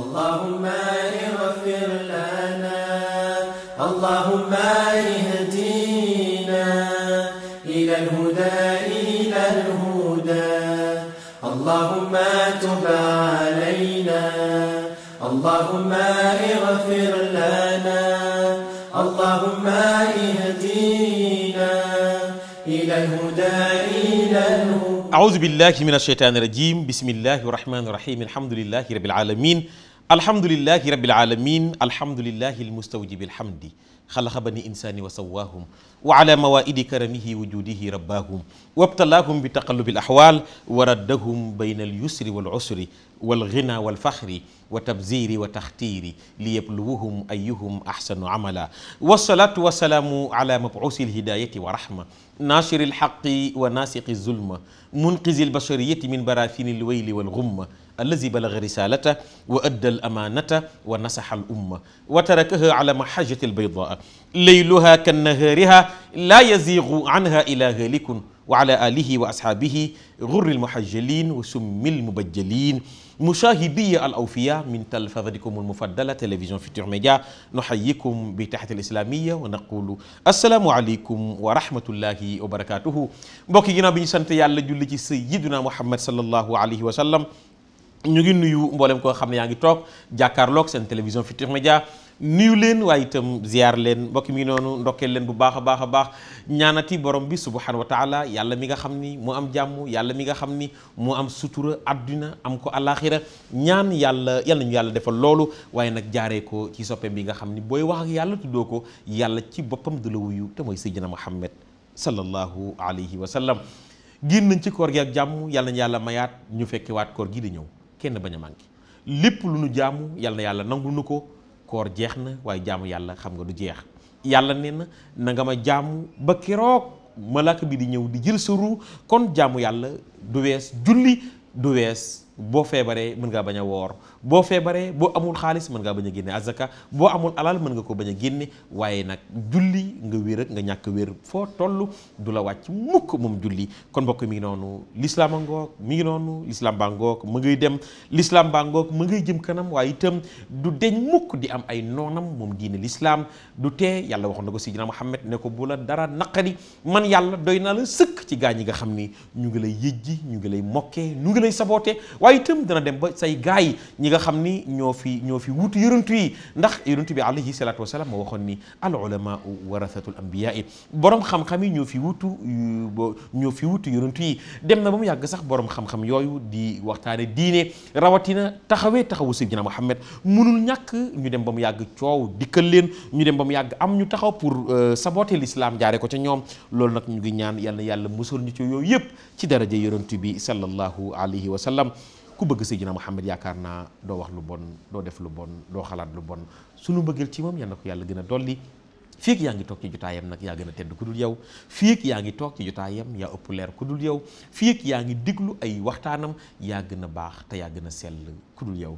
اللهم اغفر لنا اللهم اهدينا إلى الهدى إلى الهدى اللهم تب علينا اللهم اغفر لنا اللهم اهدينا إلى الهدى إلى الهدى أعوذ بالله من الشيطان الرجيم بسم الله الرحمن الرحيم الحمد لله رب العالمين alhamdulilahi rabil alamin alhamdulilahi almustawjibi alhamdi xalaxa bani insaani wa sawaahum wa ala mawaidi karamihi wujudihi rabbaahum wabtalaahum bi taqallubi alaxwaal wa raddahum bayna alyusri walusri walghina walfaxri wa tabziri wa taxtiiri liyabluwuhum ayuhum axsanu amala wasalaatu wasalaamu ala mabuusi alhidayati wa rahma naashiri lxaqi wa naasiqi zulma munqizi lbashariyati min barafini lwayli walghumma allazi balaga risalata wa adda alamanata wa nasaxa alumma wa tarakaha ala mahajati albaydaa layluha kannahaariha la yazigu anha ila halikun wa ala alihi wa ashaabihi gurri almuhajjalin wa summi almubajjalin مشاهدي الأوفياء من تلفزتكم المفضلة تلفزيون فيتور ميديا نحييكم بتحية الإسلامية ونقول السلام عليكم ورحمة الله وبركاته mbokk ginnaaw bi ñu sant yàlla julli ci sayyidina Muhammad sallallahu alayhi wa sallam ñu ngi nuyu mboolem koo xam ne yaa ngi toog jàkkaarloog seen télévision Futur Média nuyu leen waaye itam ziar leen mbokk mi noonu ndokkeel leen bu baax a baax a baax ñaanati borom bi subhanahu wa taala yàlla mi nga xam ni mu am jàmm yàlla mi nga xam ni mu am sutura adduna am ko alaxira ñaan yàlla yàlla yàlla defal loolu waaye nag jaaree ko ci soppeem bi nga xam ni booy wax ak yàlla tuddoo ko yàlla ci boppam du la wuyu te mooy sayyidina Muhammad sallallahu alayhi wa sallam génn nañ ci koor gi ak jàmm yàlla na yàlla mayaat ñu fekke waat koor gi di ñëw kenn bañ a manqué lépp lu nu jaamu yàlla na yàlla nangul nu ko koor jeex na waaye jaamu yàlla xam nga du jeex yàlla nee na na nga ma jaamu ba ma malaaka bi di ñëw di jël sa ruu kon jaamu yàlla du wees julli du wees boo feebaree mën ngaa bañ a woor boo feebaree boo amul xaalis mën ngaa bañ a génne azaka boo amul alal mën nga ko bañ a génne waaye nag julli nga wér ak nga ñàkk wér foo toll du la wàcc mukk moom julli kon mbokk mi ngi noonu l'islam a mi ngi noonu l'islam baa ngoog mu dem l'islam baa ngoog mu jëm kanam waaye itam du deñ mukk di am ay noonam moom diine l'islam du tee yàlla waxoon na ko sidina Muhammad ne ko bu la dara naqari man yàlla doy naa la sëkk ci gaa ñi nga xam ni ñu ngi lay yëjji ñu ngi lay mokkee ñu ngi lay saboote waaye itam dana dem ba say gaa yi ñi nga xam ni ñoo fi ñoo fi wutu yëruntu yi ndax yëruntu bi alayhi salaatu wasalaam moo waxoon ni al ulamaau warathatul anbiyaa yi borom xam-xam yi ñoo fi wutu ñoo fi wutu yëruntu yi dem na ba mu yàgg sax borom xam-xam yooyu di waxtaane diine rawatina taxawee taxawu sayyidina Muhammad munul ñàkk ñu dem ba mu yàgg coow dikkal leen ñu dem ba mu yàgg am ñu taxaw pour euh, saboter l'islam jaare ko ca ñoom loolu nag ñu ngi ñaan yàlla yàlla musal ñu ci yooyu yëpp ci daraja yëruntu bi sallallahu alayhi wa sallam ku bëgg Seydina Muhammad yaakaar naa doo wax lu bon doo def lu bon doo xalaat lu bon sunu mbëggeel ci moom yal na ko yàlla gën a dolli fii ak yaa ngi toog ci jotaayam nag yaa gën tedd ku dul yow fii yaa ngi toog ci jotaayam yaa ëpp leer ku dul yow fii ak yaa ngi diglu ay waxtaanam yaa gën a baax te yaa gën a sell ku dul yow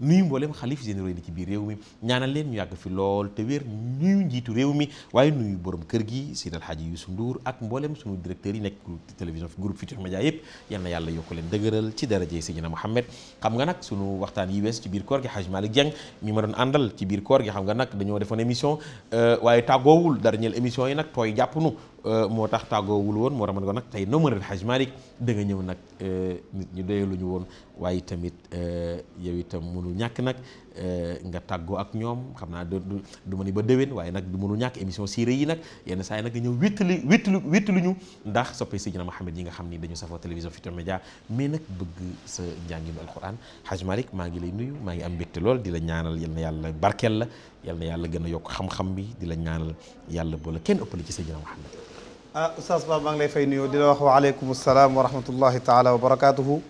nuyu mboolem xalif généraux yi ci biir réew mi ñaanal leen ñu yàgg fi lool te wér nuyu njiitu réew mi waaye nuyu borom kër gi Seydi El Hadji Youssou Ndour ak mboolem sunu directeurs yi nekk télévision groupe Futurs Médias yëpp yal na yàlla yokk leen dëgëral ci daraje Seydina Mouhamed xam nga nag sunu waxtaan yi wees ci biir koor gi Hadj Malick Dieng mi ma doon àndal ci biir koor gi xam nga nag dañoo defoon émission euh, waaye tàggoowul dernière émission yi nag tooy jàpp nu Euh, moo tax tàggoowul woon moo tax ma ne ko nag tey nomarel Haj Malick da nga ñëw nag euh, nit ñu doyalu ñu woon waaye tamit euh, yow itam mënu ñàkk nag nga tàggoo ak ñoom xam naa du du ma ni ba déwén waaye nag du mënu ñàkk émission siiré yi nag yenn saa yi nag nga ñëw wéttali wéttali wéttali ñu ndax ma Seydina Mouhamed yi nga xam ni dañu safoo télévision Futurs Médias mais nag bëgg sa njànginu alquran Haj Malick maa ngi lay nuyu maa ngi am mbégte lool di la ñaanal yal na yàlla barkeel la yal na yàlla gën a yokk xam-xam bi di la ñaanal yàlla bu la kenn ëppale ci Seydina a ah oustaz Ba maa ngi lay fay nuyoo di la wax waaleykum salaam wa rahmatullahi taala wa barakaatuhu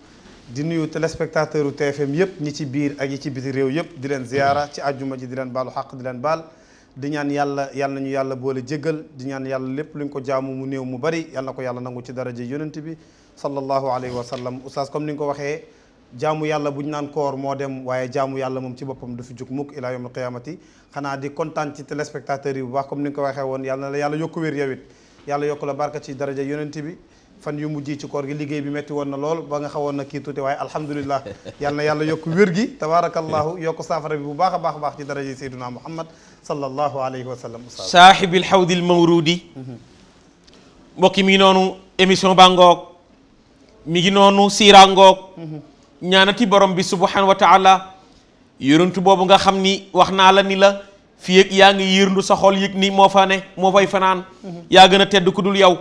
di nuyu téléspectateur u TFM yëpp ñi ci biir ak yi ci biti réew yëpp di leen ziyaara ci àjjuma ji di leen baalu xaq di leen baal di ñaan yàlla yàlla nañu yàlla boole jéggal di ñaan yàlla lépp lu luñ ko jaamu mu néew mu bari yàlla ko yàlla nangu ci daraja yonent bi sallallahu alayhi wa sallam oustaz comme ni nga ko waxee jaamu yàlla bu ñu naan koor moo dem waaye jaamu yàlla moom ci boppam du fi jug mukk ilaa yawmal qiyaamati xanaa di kontaan ci téléspectateurs yi bu baax comme ni ko waxee yàlla yàlla yokk wér yow yàlla yokk la barka ci daraja yonent bi fan yu mujj ci koor gi liggéey bi metti woon na lool ba nga xawoon na kii tuuti waaye alhamdulilah yal na yàlla yokk wér gi tabaarakallahu yokk saafara bi bu baax a baax a baax ci daraja sayduna muhammad sallallahu alayhi wa sallam saahibil mhm. mi ngi noonu ba ngoog mi ngi noonu siira ñaanati borom bi subhanahu wa taala yonentu boobu nga xam ni wax naa la ni la fii yaa ngi yërndu sa xool yëg ni moo fa ne moo fay fanaan mhm. yaa gën a tedd ku dul yow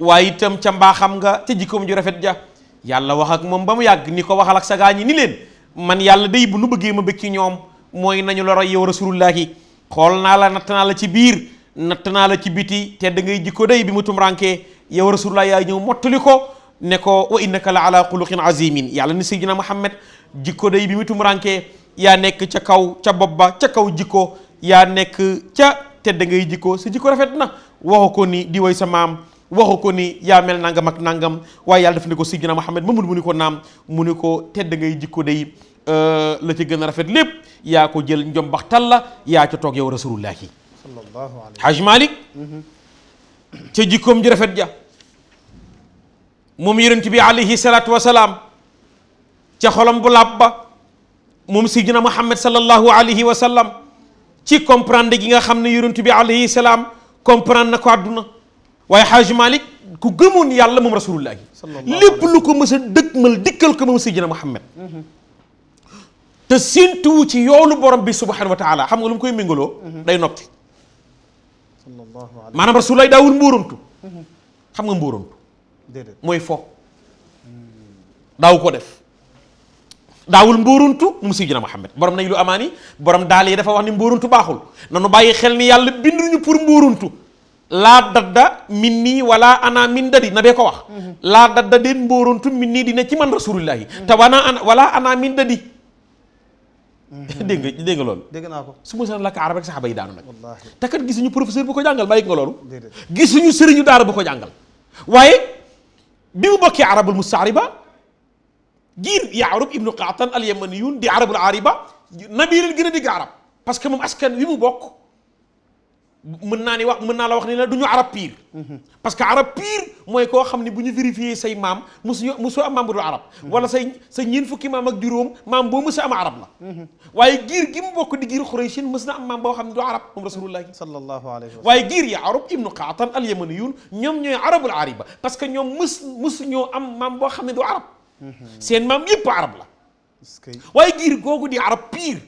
waaye itam ca mbaaxam nga ca jikkoom ju rafet ja yàlla wax ak moom ba mu yàgg ni ko waxalak ak sa gaa ni leen man yàlla day bu nu bëggee ma bëgg ci ñoom mooy nañu la roy yow rasulullahi xool naa la natt naa la ci biir natt naa la ci biti te da ngay jikko day bi mu tum rànkee yow rasulullah ñëw mottali ko ne ko wa innaka la ala xuluqin azimin yàlla ni sayyidina Muhammad jikko day bi mu tumurankee yaa nekk ca kaw ca bopp ba ca kaw jikko yaa nekk ca tedd ngay jikko sa jikko rafet na waxu ko ni di way sa maam waxu ko ni yaa mel nangam ak nangam waaye yàlla def ne ko sayyidina Muhammad mamul mu ni ko naam mu ni ko tedd ngay jikko day euh, la ca gën a rafet lépp yaa ko jël njom baxtal la yaa ca toog yow rasulullah yi sallallahu Malik ca jikkoom ji rafet ja moom yonent bi alayhi salaatu wasalaam ca xolam bu làpp ba moom sidina Muhammad sallallahu alayhi wa sallam ci comprendre gi nga xam ne yonent bi alayhi salaam comprendre na ko àdduna waaye Xaaj Malik ku gëmoon yàlla moom rasulullah yi lépp lu ko mës a dëgmal dikkal ko moom sidina Muhammad te séntuwu ci yoolu borom bi subhanahu wa taala xam nga lu mu koy méngaloo mhm. day noppi maanaam rasulullah daawul mbóorontu mhm. xam nga mbóorontu mooy fo daaw ko def daawul mbóoruntu mu si jina Muhammad borom nañ lu amaani borom daal yi dafa wax ni mbóoruntu baaxul nanu bàyyi xel ni yàlla binduñu pour mbóoruntu laa dadda min nii wala ana min dadi na bee ko wax laa dadda deen mbóoruntu min nii dina ci man rasulullahi mm. te wana an wala ana min dadi mm-hmm. dégg nga dégg loolu naa ko su ma sa lakk arab rek saxaba yi daanu nag te kat gisuñu professeur bu ko jàngal bàyyi nga loolu gisuñu sëriñu daara bu ko jàngal bi mu bokkee arabul mustaariba giir yaarub ibnu qaatan al yamaniyun di arabul ariba nabi leen gën a digg arab parce que moom askan wi mu bokk mën naa ni wax mën naa la wax ni la du ñu arab pire. Mhm. parce que arab pire mooy koo xam ne bu ñu vérifier say maam mosu ñu mosoo am maam bu dul arab. Mhm. wala say sa ñeent fukki maam ak juróom maam boo mos a am arab la. Mhm. waaye giir gi mu bokk di giir Xurayshin mës na am maam boo xam ne du arab moom rasulullah. sallallahu alayhi wa sallam waaye giir ya parce que ñoom mës mosu am maam boo xam ne du arab. seen maam yëpp arab la. waaye giir googu di arab pire.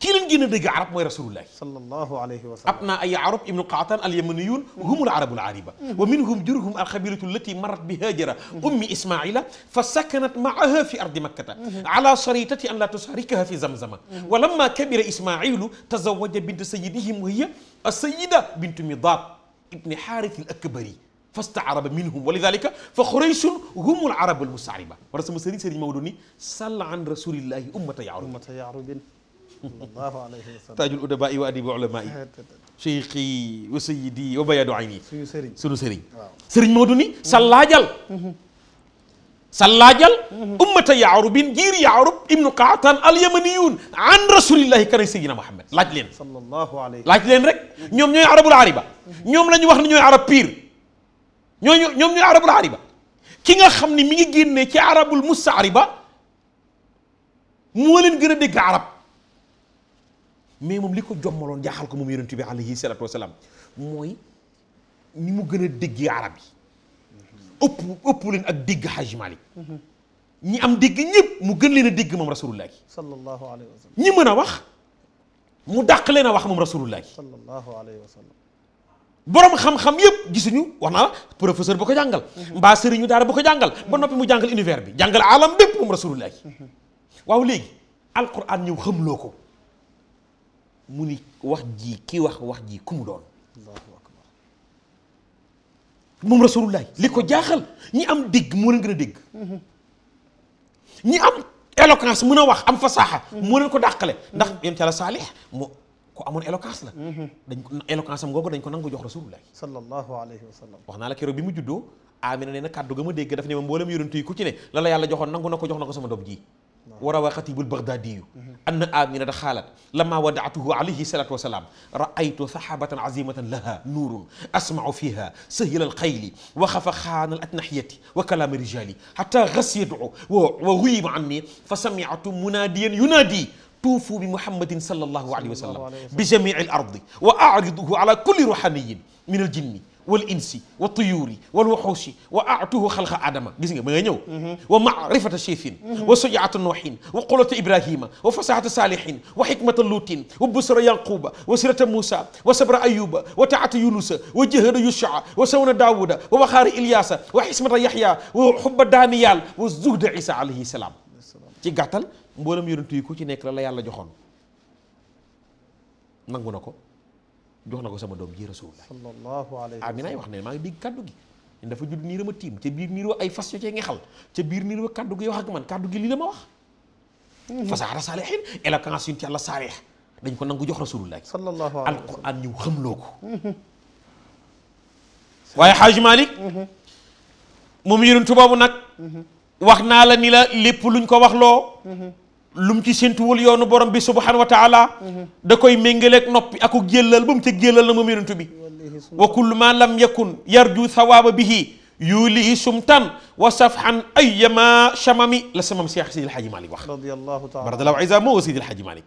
kii leen gën a dégg arab mooy rasulullah sallallahu alayhi wa sallam ab naa ay arab ibnu qaatan alyamaniyun humul arabul ariba wa minhum jurhum alxabilatu allati marat bi haajara ummi ismaila fa sakanat maaha fi ardi makkata ala saritati an la tusarikaha fi zamzama wa lamma kabira ismailu tazawaja bint sayidihim wa hiya asayida bintu midad ibni xaaris al akbari fastaaraba minhum wa lidalika fa xuraysun humul arabul mustaariba war sama sëriñ sëriñ Maodo ni salla an rasulillahi ummata yaarubin taajul udaba yi wa adibi ulama yi cheikhi wa sayidi wa bayadu ayni suñu sëriñ suñu sëriñ sëriñ Moodu ni sallaajal mm-hmm. sallaajal mm-hmm. ummata yaarubin jiir yaarub ibnu qaatan alyamaniyun an rasulillahi kana sayidina muhammad laaj leen laaj leen rek mm-hmm. ñoom ñooy arabul ariba ñoom lañu wax ne ñooy arab piir ñooñu ñoom ñooy arabul ariba ki nga xam ni mi ngi génnee ci arabul mustaariba moo leen gën a dégg arab mais moom li ko jommaloon jaaxal ko moom yonent bi alayhi salaatu wasalaam mooy ni mu gën a dégg arab yi ëpp ëpp ak dégg Hajji Malick ñi am dégg ñëpp mu gën leen a dégg moom rasulullah gi sallallahu alayhi wa a wax mu dàq leen wax moom rasulullah gi sallallahu alayhi wa sallam xam-xam yëpp gisuñu wax naa la professeur ko jàngal mbaa sëriñu daara ba ko jàngal ba noppi mu jàngal univers bi jàngal alam bépp moom rasulullah gi mm-hmm. waaw léegi alquran ñëw xamloo ko mu ni wax ji ki wax wax jii ku mu doon moom rasulullah li ko jaaxal ñi am dégg moo leen gën a dégg ñi am éloquence mën a wax am fasaaxa moo leen ko dàqale ndax yonent Yàlla Saalix moo ko amoon éloquence la dañ ko éloquence am googu dañ ko nangu jox rasulullah wax naa la keroog bi mu juddoo Amina nee na kàddu ga ma dégg daf ne ma mboolem yonent yi ku ci ne la la yàlla joxoon nangu na ko jox na ko sama doom ji وروى خطيب البغدادي أن آمنة خالت لما ودعته عليه الصلاة والسلام رأيت سحابة عظيمة لها نور أسمع فيها سهل القيل وخف خان الأتنحية وكلام الرجال حتى غس يدعو وغيب عني فسمعت مناديا ينادي توفوا بمحمد صلى الله عليه وسلم بجميع الأرض وأعرضه على كل روحاني من الجن wal insi wa tuyuuri wal waxuusi wa aatuhu xalqa aadama gis nga ba nga ñëw wa maarifata chefin wa sujaata nooxin wa qulata ibrahima wa fasahata saalihin wa xikmata luutin wa busra yanquba wa sirata moussa wa sabra ayuba wa taata yunusa wa jahada yushaa wa sawna daawuda wa waxaari ilyaasa wa xismata yaxya wa xubba daaniyaal wa zuhda isa alayhi salaam ci gàttal mboolem yonent yi ku ci nekk la la yàlla joxoon nangu na ko jox na ko sama doom ji rasulullah sallallahu alayhi amina wax ne maa ngi dégg kaddu gi dafa judd niir ma tiim ca biir niir wa ay fas yo cee ngexal ca biir niir wa a gi wax ak man kaddu gi lii la ma wax mhm. fasaara saalihin saalih dañ ko nangu jox rasulullah sallallahu alayhi alquran ñëw xamloo ko mhm. waaye xaaju malik mhm. moom yonentu boobu nag wax naa la ni la lépp luñ ko wax loo lu mu ci séntuwul yoonu borom bi subhanahu wa taala da koy méngaleeg noppi aku jëllal ba mu ca jëllal na moom bi wa sumtan wa safhan ayyama chamami la samam Cheikh Sidil Hadji Malick wax radiyallahu taala baradallahu isa moo wa Sidil Hadji Malick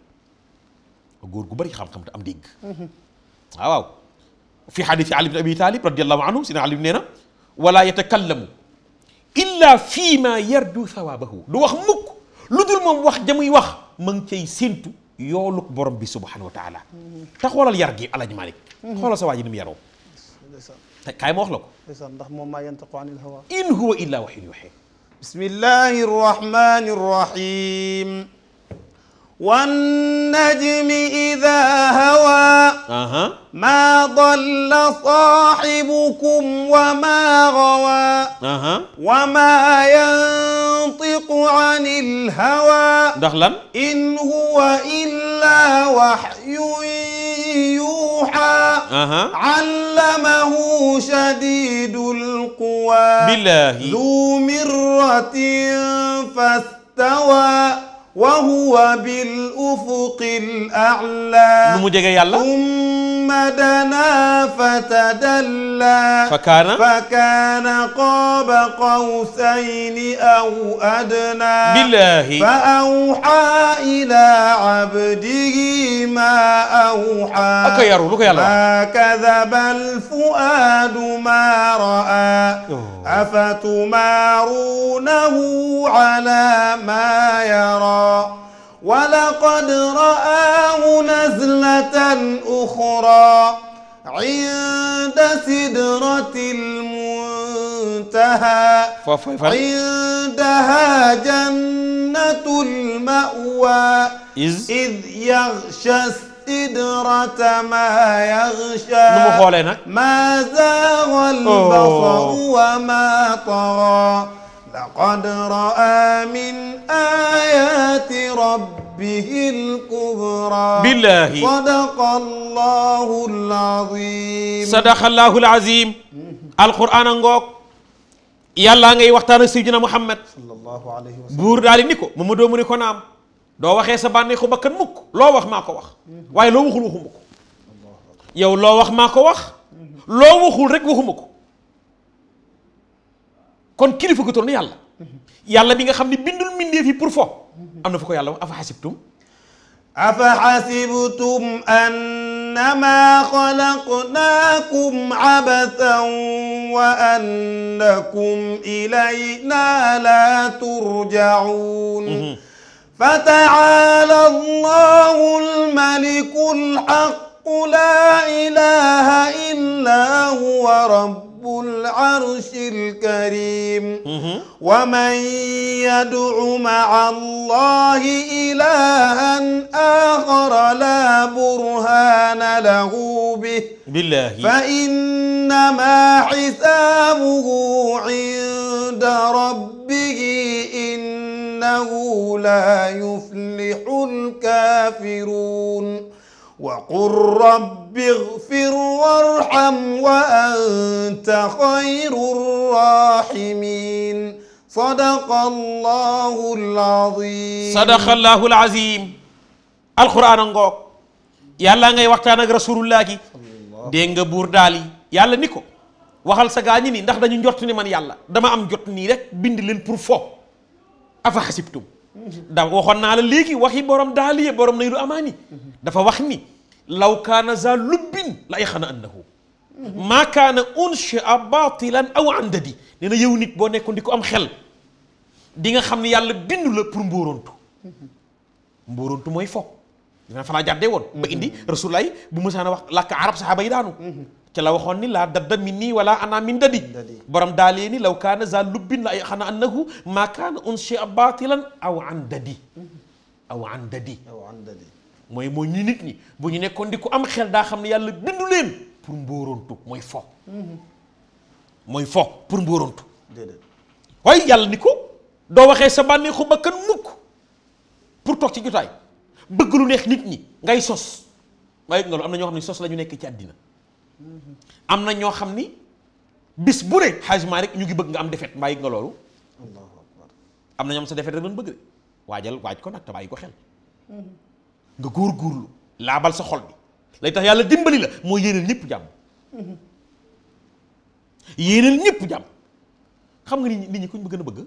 góor gu bëri xam-xam te am dégg waaw waaw fi xadiisi Ali bin Abi Talib radiyallahu anhu sina Ali nee na wala yatakallamu illa fi ma yarju thawaabahu du wax mukk lu dul moom wax jamuy wax ma ngi cay séentu yooluk borom bi subhanahu wa taala te xoolal yar gi alaji malik xoolal sa waa ji ni mu yaroo kaay ma wax la ko ndax moom maa yantiqu anil hawa in huwa illa wahyun yuuhaa bismillahi rahmani rahim والنجم إذا هوى أها. ما ضل صاحبكم وما غوى أها. وما ينطق عن الهوى دخلا إن هو إلا وحي يوحى أها. علمه شديد القوى بالله ذو مرة فاستوى wa huwa bil ufuqil a'la lu mu jege yàlla مدنا فتدلى فكان فكان قاب قوسين أو أدنى بالله فأوحى إلى عبده ما أوحى ما كذب الفؤاد ما رأى أفتمارونه على ما يرى ولقد رآه نزلة أخرى عند سدرة المنتهى عندها جنة المأوى إذ يغشى السدرة ما يغشى ما زاغ البصر وما طغى لقد رأى من آيات ربه الكبرى بالله صدق الله العظيم صدق الله العظيم القرآن ngoog yàlla ngay waxtaan ak sayyidina Muhammad sallallahu alayhi wa sallam buur daal ni ko Mamadou mu ni ko naam doo waxee sa bànneexu bakkan mukk loo wax maa ko wax mm-hmm. waaye loo waxul waxuma ko yow loo wax maa ko wax mm-hmm. loo waxul rek waxuma ko kon kilifa gu toll ni yàlla yàlla bi nga xam ne bindul mbindeef yi pour fo am na fu ko yàlla wax afa xasibtum afa xasibtum annama xalaqnaakum abathan wa annakum ilayna la turjaun فتعالى الله الملك الحق لا إله إلا هو رب رب العرش الكريم ومن يدع مع الله إلها آخر لا برهان له به بالله فإنما حسابه عند ربه إنه لا يفلح الكافرون وقل رب اغفر وارحم وأنت خير الراحمين صدق الله العظيم صدق الله العظيم القرآن ngoog yàlla ngay waxtaan ak rasulullah gi dégg nga buur daal yi yàlla ni ko waxal sa gaa ñi ni ndax dañu njort ni man yàlla dama am jot nii rek bind leen pour fo afa xasibtum da waxoon naa la léegi waxi borom daaliye borom nay du amaani dafa wax ni law kaana za lubbin la ay xana annahu maa kaana unshi'a batilan aw andadi nee na yow nit boo nekkoon di ko am xel di nga xam ne yàlla bindu la pour mbóorontu mbóorontu mooy fo dina fa laa jàddee woon ba indi rasulaay bu mësaan wax lakk arab saxaaba yi daanu ca la waxoon ni laa dadda min nii wala ana min dadi borom daalee ni law kaana za lubbin la xana annahu maa kaana unshia batilan aw an dadi aw an mooy mooy ñu nit ñi bu ñu nekkoon di ku am xel daa xam ne yàlla bindu leen pour mbóorontu mooy fo mooy foo pour mbóorontu waaye yàlla ni ko doo waxee sa bànneexu bakkan mukk pour toog ci jotaay bëgg lu neex nit ñi ngay sos waaye nga lu am na ñoo xam ne sos la ñu nekk ci àddina am na ñoo xam ni bis bu ne Hajj Malick ñu ngi bëgg nga am defet mbaa yëg nga loolu. am na ñoo ñoom sa defet rek lañ bëgg de waajal waaj ko nag te bàyyi ko xel. nga lu laabal sa xol bi lay tax yàlla dimbali la moo yéeneel ñëpp jàmm. yéeneel ñëpp jàmm xam nga nit ñi nit ñi kuñ bëgg a bëgg.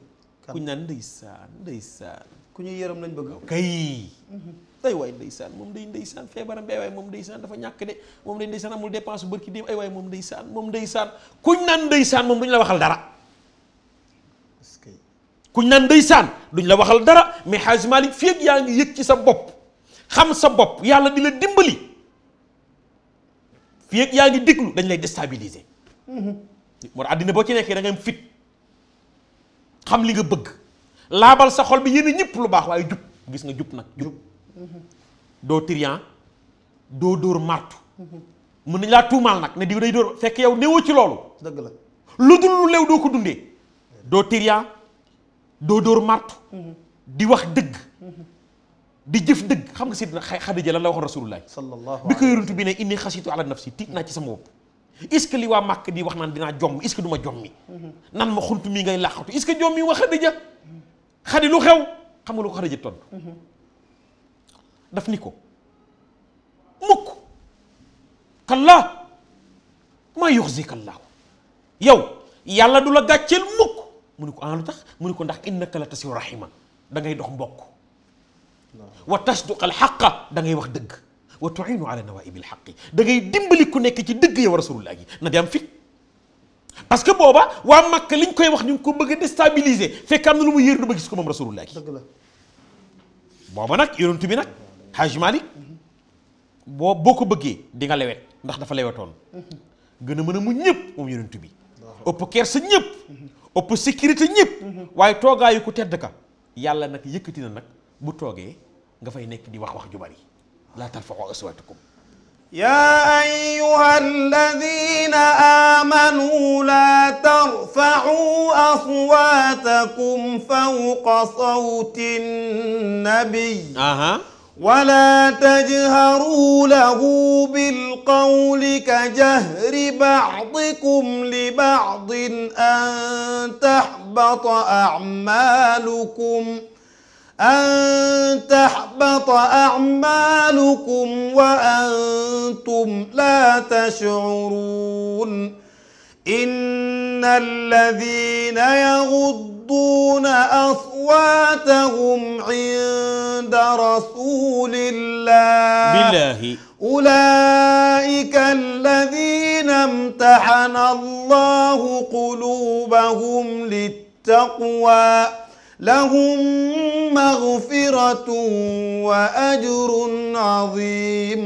kuñ naan ndeysaan ndeysaan. ku ñu yërëm lañ bëgg kay mm-hmm. ay waay ndeysaan moom day ndeysaan feebaram bi ay waay moom ndeysaan dafa ñàkk de moom day ndeysaan amul dépense bërki dem ay waay moom ndeysaan moom ndeysaan kuñ naan ndeysaan moom duñ la waxal dara kuñ naan ndeysaan duñ la waxal dara mais Hadj Malick fii ak yaa ngi yëg ci sa bopp xam sa bopp yàlla di la dimbali fii ak yaa ngi déglu dañ lay déstabiliser mm-hmm. moo tax àddina boo ci nekkee da ngay fit xam li nga bëgg laabal sa xol bi yéen ñëpp lu baax waaye jub gis nga jub nag jub doo trian doo dóor martu mën nañ laa tuumaal nag ne diw day dóor fekk yow néewoo ci loolu dëgg la lu dul lu leew doo ko dundee doo trian doo dóor martu di wax dëgg di jëf dëgg xam nga sidna Xadija lan la waxoon rasulullah bi ko yonent bi ne inni xasitu ala nafsi tiit naa ci sama bopp est li waa màkk di wax naan dinaa jomm est-ce du ma jommi nan ma xuntu mi ngay làqatu est-ce que jommi wa Xadija xadi lu xew xam nga lu ko xadi ji tontu daf ni ko mukk kallaa maa yuxzika llaahu yow yàlla du la gàcceel mukk mu ni ko ana ah, lu tax mu ni ko ndax innaka la tasiu rahima da ngay dox mbokk wa tasduq al xaqa da ngay wax dëgg wa tuinu ala nawaibi al xaqi da ngay dimbali ku nekk ci dëgg yow rasulullah gi na di am fit parce que booba waa Makka liñ koy wax ñu ngi ko bëgg a déstabiliser fekk am na lu mu yër du ba gis ko moom rasulullah gi booba nag yonent bi nag Hajj Malik boo boo ko bëggee di nga lewet ndax dafa lewetoon gën a mën a mu ñëpp moom yonent bi ëpp kersa ñëpp ëpp sécurité ñëpp waaye toogaayu ku tedd ka yàlla nag yëkkati na nag bu toogee nga fay nekk di wax wax ju bari laa tarfa'u aswaatakum يا أيها الذين آمنوا لا ترفعوا أصواتكم فوق صوت النبي أها ولا تجهروا له بالقول كجهر بعضكم لبعض أن تحبط أعمالكم أن تحبط أعمالكم وأنتم لا تشعرون إن الذين يغضون أصواتهم عند رسول الله بالله أولئك الذين امتحن الله قلوبهم للتقوى لهم مغفرة وأجر عظيم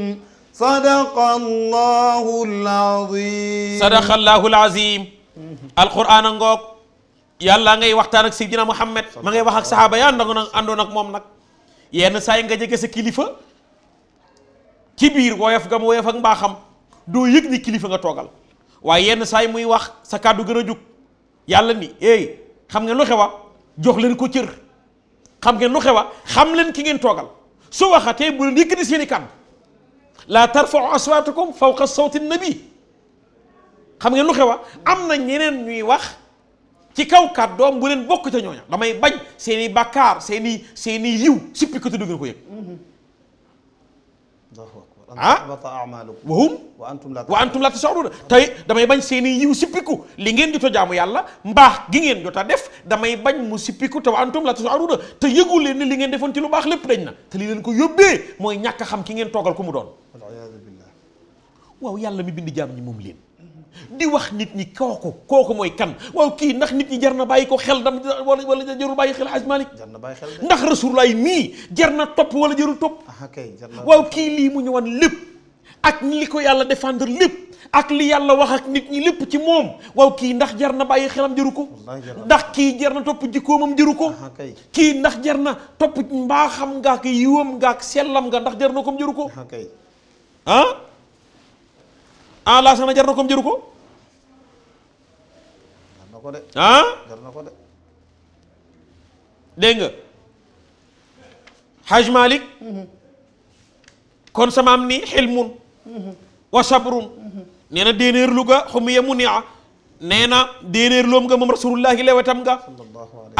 صدق الله العظيم صدق الله ngoog yàlla ngay waxtaan ak Seydina Muhammad ma ngay wax ak saxaaba yaa àndoon moom nag yenn saa nga jege sa kilifa ci biir woyof gam woyof ak mbaaxam doo yëg kilifa nga toogal waaye yenn saa muy wax sa kàddu gën a jug yàlla ni xam ngeen lu xewa jox leen ko cër xam ngeen lu xewa xam leen ki ngeen toogal su waxatee bu leen yëkkati seen i kàddu laa tarfau aswaatakum fawqa sawti nabi xam ngeen lu xewa am na ñeneen ñuy wax ci kaw kàddoom bu leen bokk ca ñooña damay bañ seeni i bàkkaar seen i seen i yiw sippi ko te du ngeen ko yëg ah wahum wa antum la tashuruuna te damay bañ seeni yiw sippiku li ngeen jot a jaamu yàlla mbaax gi ngeen jot a def damay bañ mu sippiku te wa antum la tashuruuna te yëgu leen ni li ngeen defoon ci lu baax lépp dañ na te li leen ko yóbbee mooy ñàkk xam ki ngeen toogal ko mu doon waaw yàlla mi bind jaam ñi moom leen di wax nit ñi kooku kooku mooy kan waaw kii ndax nit ñi jar na bàyyi ko xel dam wala wala jarul bàyyi xel Hadj Malick jar na bàyyi xel ndax Rasulullaay mii jar na topp wala jarul topp waaw kii lii mu ñëwoon lépp ak li ko yàlla défendre lépp ak li yàlla wax ak nit ñi lépp ci moom waaw kii ndax jar na bàyyi xelam jaru ko ndax kii jar na topp jikkoomam jaru ko kii ndax jar na topp mbaaxam nga ak yiwam nga ak sellam nga ndax jar na ko jaru ko ah ah laa sana jar na comme jëru ko ah? dégg nga Haj Malik kon samaam ni xilmun wa sabrun nee na déenéer lu ga xumiya mu nia nee na déenéer loom nga moom rasulullahi lewetam nga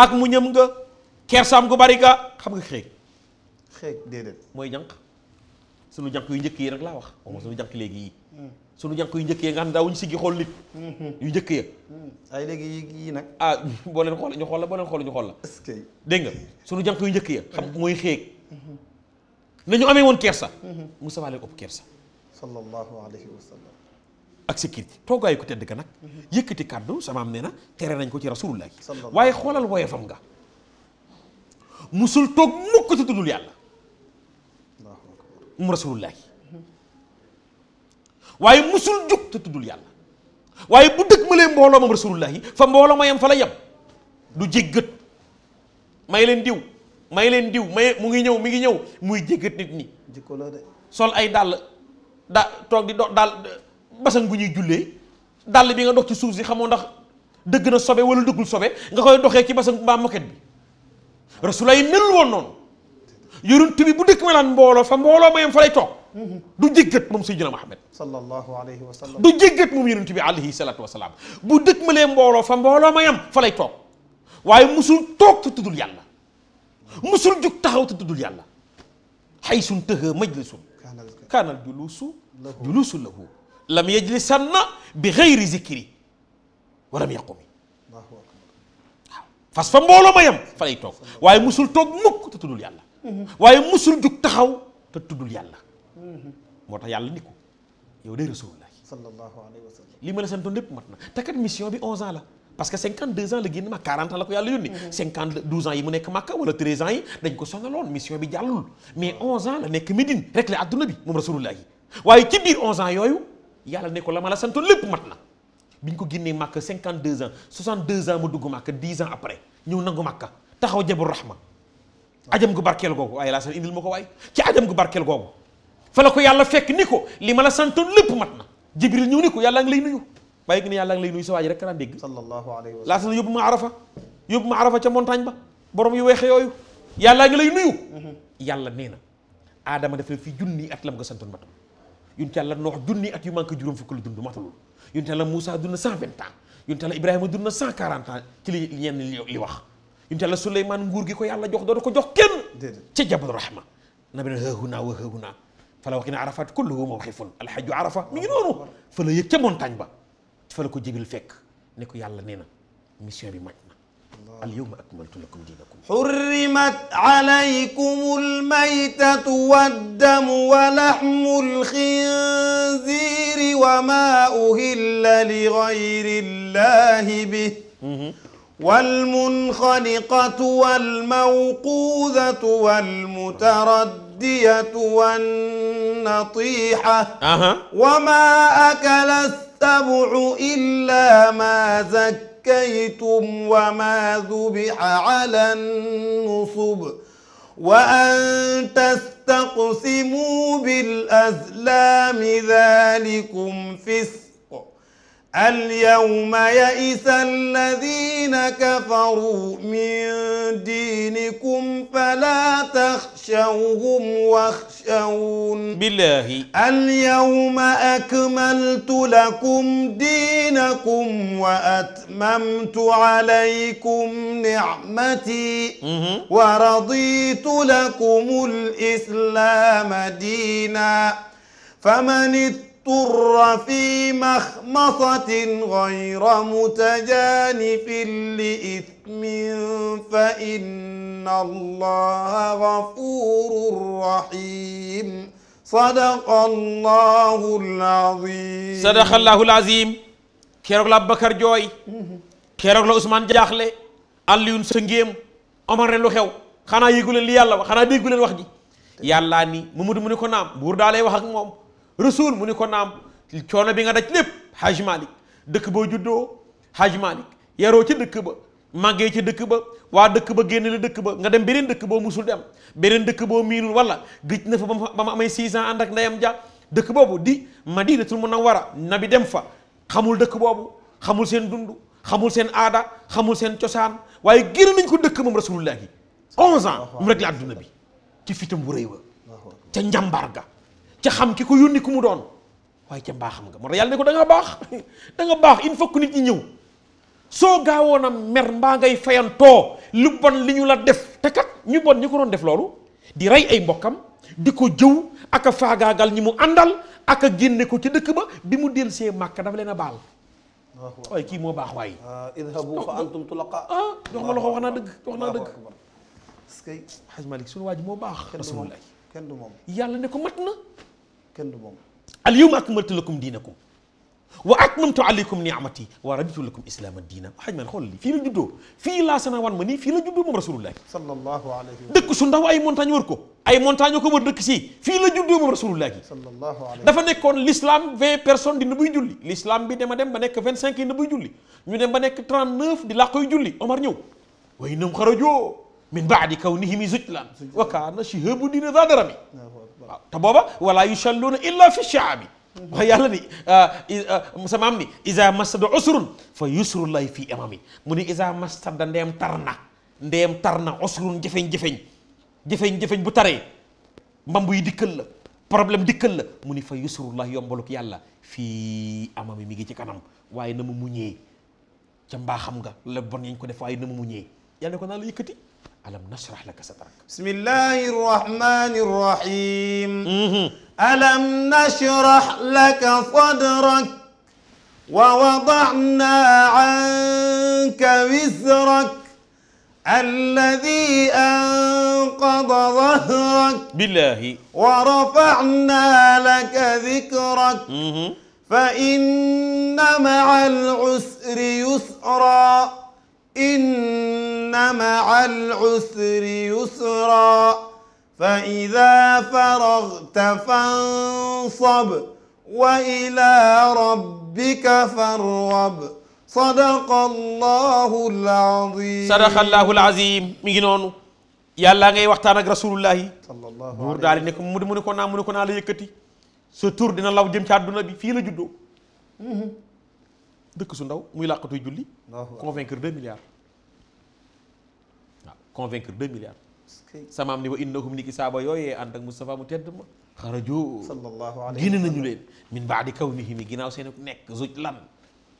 ak mu ñëm nga kersaam gu bari ga nga xéeg xéeg déedéet mooy jànq sunu jànq yu njëkk yi rek laa wax moom sunu jànq léegi yi hmm. suñu ñànk yu njëkk ya nga xam ne daawuñu siggi xool nit mhm. yu njëkk ya mhm. ay léegi yi nag ah boo leen xool ñu xool la boo leen xool ñu xool dégg nga suñu jànk yu njëkk ya xam mooy xéeg mhm. nañu amee woon kersa Musaa leen ëpp kersa sallallahu alayhi wa sallam ak sécurité toogaayu ko tedd ka nag yëkkati kàddu sama am nee na tere nañ ko ci rasulullah waaye xoolal woyefam nga musul toog mukk ci tuddul yàlla moom rasulullah waaye musul jug te tuddul yàlla waaye bu dëkk ma lee mbooloo moom rasulullah yi fa mbooloo ma yem du jéggat leen diw may leen diw may mu ngi ñëw mi ngi ñëw muy jéggat nit ñi jikko la de sol ay dàll da toog di do daal bu ñuy jullee dàll bi nga ci suuf si xamoo ndax dëgg na sobe wala dëggul sobe nga koy doxee ci basan mbaa moket bi rasulullah yi woon noonu bu dëkk ma naan mbooloo fa mbooloo ma yem fa lay toog du jéggat moom Seydina Muhammad sallallahu alayhi wa sallam du jéggat moom yonent bi alayhi salaatu wa salaam bu dëkk malee mbooloo fa mbooloo ma yam fa lay toog waaye musul toog te tuddul yàlla musul jug taxaw te tuddul yàlla xaysun tëha majlisun kaanal juluusu juluusu lahu lam yajlisanna bi xayri zikri walam yaqumi waaw fas fa mbooloo ma yam fa lay toog waaye musul toog mukk te tuddul yàlla mm-hmm. waaye musul jug taxaw te tuddul yàlla moo tax yàlla ni ko yow day rasulullah sallallahu ma la santoon lépp mat na te kat mission bi 11 ans la parce que 52 ans la génn ma ko mm-hmm. bi jàllul mais 11 ans la nekk Médine rek la adduna waaye ci la ma la ko génnee Makka 52 ans 62 ans mu dugg Makka 10 ans après ñëw nangu Makka taxaw jabul rahma ajam gu barkeel googu waaye laa san indil ma ko waaye ci ajam gu barkeel googu fa ko yàlla fekk ni ko li ma la santoon lépp mat na jibril ñëw ni ko yàlla ngi lay nuyu waaye gi ne yàlla ngi lay nuyu sa waa ji rek kanaan dégg sallallahu alayhi wa sallam laata na yóbbu ma arafa yóbbu ma arafa ca montagne ba borom yu weexe yooyu yàlla ngi lay nuyu mhm. yàlla nee na aadama def la fi junni at lam nga santoon matul yun yàlla noox junni at yu fukk la dund matalul yun yàlla Moussa dund na cent vingt ans yun yàlla Ibrahima dund na cent quarante ans ci li ñenn li wax yun yàlla Souleymane nguur gi ko yàlla jox doo ko jox kenn ca jabal rahma nabi na hëhu naa wa hëhu naa fa la wax ki ne arafat kulluhu mawqifun alxaju arafa mi ngi noonu fa la yëg ca montagne ba fa la ko jibil fekk ne ko yàlla nee na mission bi maj na al yawma akmaltu lakum dinakum xurrimat alaykum almaytatu waddamu wa laxmu alxinziri wa ma uhilla li gayri llahi bih والمنخنقة والموقوذة والمتردة والدية والنطيحة أه. وما أكل السبع إلا ما زكيتم وما ذبح على النصب وأن تستقسموا بالأزلام ذلكم فسق اليوم يئس الذين كفروا من دينكم فلا تخشوهم واخشون بالله اليوم أكملت لكم دينكم وأتممت عليكم نعمتي ورضيت لكم الإسلام دينا فمن اضطر في مخمصة غير متجانف لإثم فإن الله غفور رحيم صدق الله العظيم صدق الله العظيم keroog la Bakar jooy keroog la Ousmane jaaxle Alioune sa ngéem Omar ne lu xew xanaa yéegu leen li yàlla wax xanaa déggu leen wax ji yàllaa ni Mamadou mu ne ko naam buur daa lay wax ak moom rasul mu ni ko naam coono bi nga daj lépp Hajj Malick dëkk boo juddoo Hajj Malick yaroo ci dëkk ba màggee ci dëkk ba waa dëkk ba génn la dëkk ba nga dem beneen dëkk boo musul dem beneen dëkk boo miinul wala gëj na fa ba ma amee 6 ans ànd ak ndeyam ja dëkk boobu di Madinatul Munawwara nabi dem fa xamul dëkk boobu xamul seen dund xamul seen aada xamul seen cosaan waaye génn nañ ko dëkk moom rasulullah yi 11 ans mu rek la adduna bi ci fitam bu rëy wa ca njàmbaar ga ca xam ki ko yónni ku mu doon waaye ca mbaaxam nga moo tax yàlla ne ko da nga baax da nga baax il faut que nit ñi ñëw soo gaawoon a mer mbaa ngay fayantoo lu bon li ñu la def te kat ñu bon ñu ko doon def loolu di rey ay mbokkam di ko jëw ak faagaagal ñi mu àndal ak a génne ko ca dëkk ba bi mu del see màkk dafa leen a baal waaye kii moo baax waaye ah, idhabu fa antum tulaqa ah jox ma loxo wax naa dëgg wax naa dëgg parce que xaj Malik suñu waa ji moo baax rasulullah kenn du moom yàlla ne ko mat na kenn du lakum diinakum wa atmamtu alaykum ni'mati wa raditu lakum islaama diina xaj man xool li fii la juddoo fii laa sana wan ma nii fii la juddoo moom rasulullah sallallahu su ndaw ay montagne wër ko ay montagne ko wër dëkk si fii la juddoo moom rasulullah sallallahu alayhi dafa l'islam di na buy julli l'islam bi dama dem ba nekk vingt na buy julli ñu dem ba nekk di laa koy julli Omar ñëw way nam xarajoo min baadi kawnihimi zujlan wa kaana shihabu diina zadarami waaw te booba wala yusalluuna illa fi shaabi wax yàlla ni ah, ah, sa maam ni isa mastada usrun fa yusrullahi fi amami mu ni isa mastada ndeem tar na ndeem tar na usrun jafeñ-jafeñ jafeñ-jafeñ bu taree mbambu yi dikkal la problème dikkal la mu ni fa yusrullah yombaluk yàlla fii amami mi ngi ci kanam waaye na mu muñee ca mbaa xam nga la bon yañ ko def waaye na mu muñee yàlla ko naa la yëkkati ألم نشرح لك صدرك بسم الله الرحمن الرحيم ألم نشرح لك صدرك ووضعنا عنك وزرك الذي أنقض ظهرك بالله ورفعنا لك ذكرك فإن مع العسر يسرا إن إن مع العسر يسرا فإذا فرغت فانصب وإلى ربك فارغب sadaqallahu alazim sadaqallahu alazim mi ngi noonu yàlla ngay waxtaan ak rasulullahi buur daal di ne ko mu mu ne ko naa mu ne ko naa la yëkkati sa tur dina law jëm ci àdduna bi fii la juddoo mhm. dëkk su ndaw muy làqatuy julli convaincre deux milliards convaincre 2 milliards. samaam ni wa innahum ni ki saaba yooyee ànd ak Moustapha mu tedd ma xarajo génn nañu leen min baadi kawnihi mi ginnaaw seen nekk zuj lan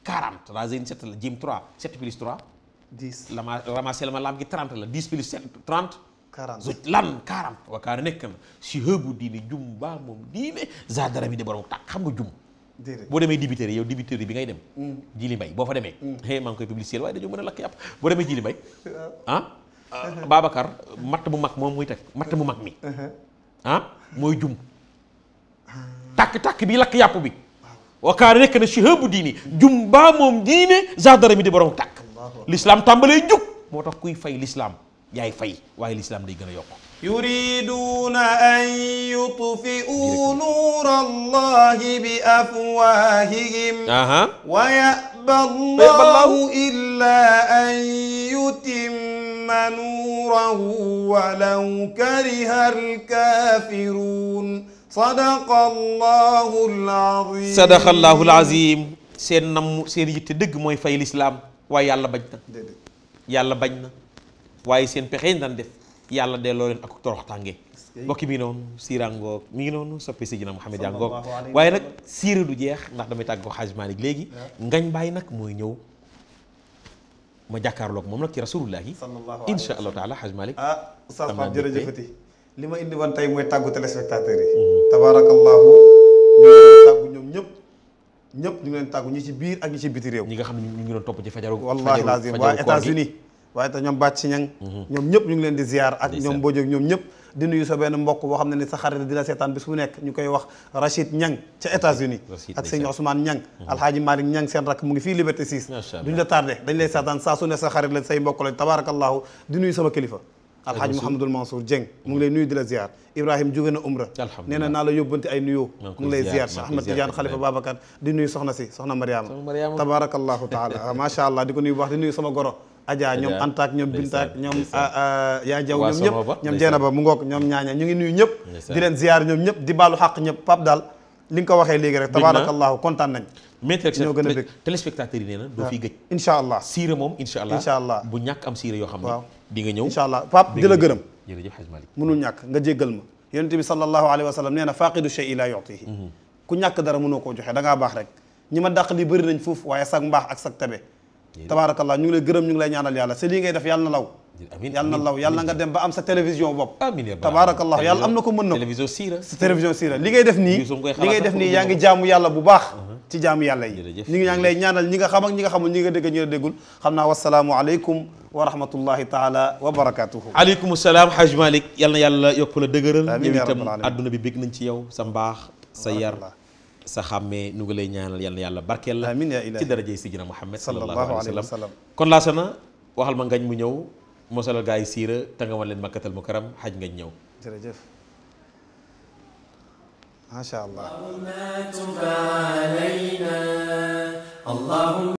40 la zeyne 7 la jim 3 7 plus 3 10 lama ramassé la ma laam gi 30 la 10 plus 7 30 40 zuj lan 40 wakaana nekk na si hëbu diini jum baa moom diine za dara mi de borom tàkk xam nga jum boo demee dibiteri yow dibiteri bi ngay dem mm. jili boo fa demee xé mm. maa ngi koy publicité waaye dañoo mën a lakk yàpp Euh, Babacar matt bu mag moom mooy teg matt bu mag mi uh-huh. ah mooy jum tàkk bi lakk bi wakaar nekk na shihabu diini jum baa moom diine jardara mi di borom tàkk l'islam tàmbalee jug moo tax kuy fay l'islam yaay fay waaye l'islam day gën a yokk yuriduuna an yutfi'u nuura allahi bi afwaahihim يأبى الله إلا أن يتم نوره ولو كره الكافرون صدق الله العظيم صدق الله العظيم seen nam seen yitte dëgg mooy fay lislaam waaye yàlla bañ na yàlla bañ na waaye seen pexe yi daan def yàlla delloo leen ak toroxtànge mbokki mi ngi noonu siirangoog mi ngi noonu soppi si jina Mouhamed yangoog waaye nag siira du jeex ndax damay tàggoo xaaj Malick léegi ngañ bàyyi nag mooy ñëw ma jàkkaarloog moom nag ci rasulullah yi insha allahu taala xaaj Malick ah oustaz Pape jërëjëfati li ma indi woon tey mooy tàggu téléspectateurs yi mm-hmm. tabarakallahu ñu tàggu ñoom ñëpp ñëpp ñu ngi leen tàggu ñi ci biir ak ñi ci biti réew ñi nga xam ne ñu ngi doon topp ci fajaru wallahi lazim waa états waaye ta ñoom bàcc si ñang ñoom ñëpp ñu ngi leen di ziar ak ñoom boo ñoom ñëpp di nuyu sa benn mbokk boo xam ne ni sa xarit di la seetaan bis bu nekk ñu koy wax Rachid Ñang ca États-Unis ak sëñ Ousmane Ñang mhm. alhaaji Malick Ñang seen rakk mu ngi fii Liberté 6 duñ la tardé dañ lay seetaan saa su ne sa xarit lañ say mbokk lañ tabaarakallaahu di nuyu sama kilifa alhaaji Mouhamadul Mansour Dieng mu ngi mhm. lay nuyu di la ziar Ibrahim jóge na umra nee na naa la yóbbante ay nuyoo mu ngi lay ziar Cheikh Ahmed Tidiane Khalifa Babacar Adja ñoom Anta ak ñoom Binta ak ñoom ah, ah, yaa jaw ñoom ñëpp ñoom Jeena ba mu ngoog ñoom ñaaña ñu ngi nuyu ñëpp di leen ziar ñoom ñëpp di baalu xàq ñëpp pap daal li nga ko waxee a allah siire moom incha allah bu ñàkk am siire yoo xam ne di ñëw incha di la gërëm jërëjëf Haj Malik mënul ñàkk nga jéggal ma yonent bi sallallahu alayhi wa sallam faaqidu shay'i laa yu'tihi mhm. ku ñàkk dara mënoo koo joxe da ngaa baax rek ñi ma dàq li bëri nañ foofu waaye sag mbaax ak sag tabe tabaarakallah ñu ngi lay gërëm ñu ngi lay ñaanal yàlla sa lii ngay def yàlla na law yàlla na law yàlla nga dem ba am sa télévision bopp ah, tabaarakallah yàlla am na ko mën na télévision siira sa télévision siira li ngay def nii li ngay def nii yaa ngi jaamu yàlla bu baax uh-huh. ci jaamu yàlla yi ñu ngi yaa ngi lay ñaanal ñi nga xam ak ñi nga xamul ñi nga dégg ñi nga déggul xam naa wasalaamu aleykum wa rahmatullahi taala wa barakatuhu aleykum salaam haj malik yàlla na yàlla yokk la dëgëral ñëw itam adduna bi bég nañ ci yow sa mbaax sa yar sa xàmmee nu ngi lay ñaanal yàlla barkeel la amiin yaa ilaahi ci darajey sidina Muhammad sallallahu alayhi wa sallam waxal ma ngañ mu ñëw mosalal gaa yi siira te nga wan leen makkatal mukarram xaj ngañ ñëw jërëjëf ma sha allah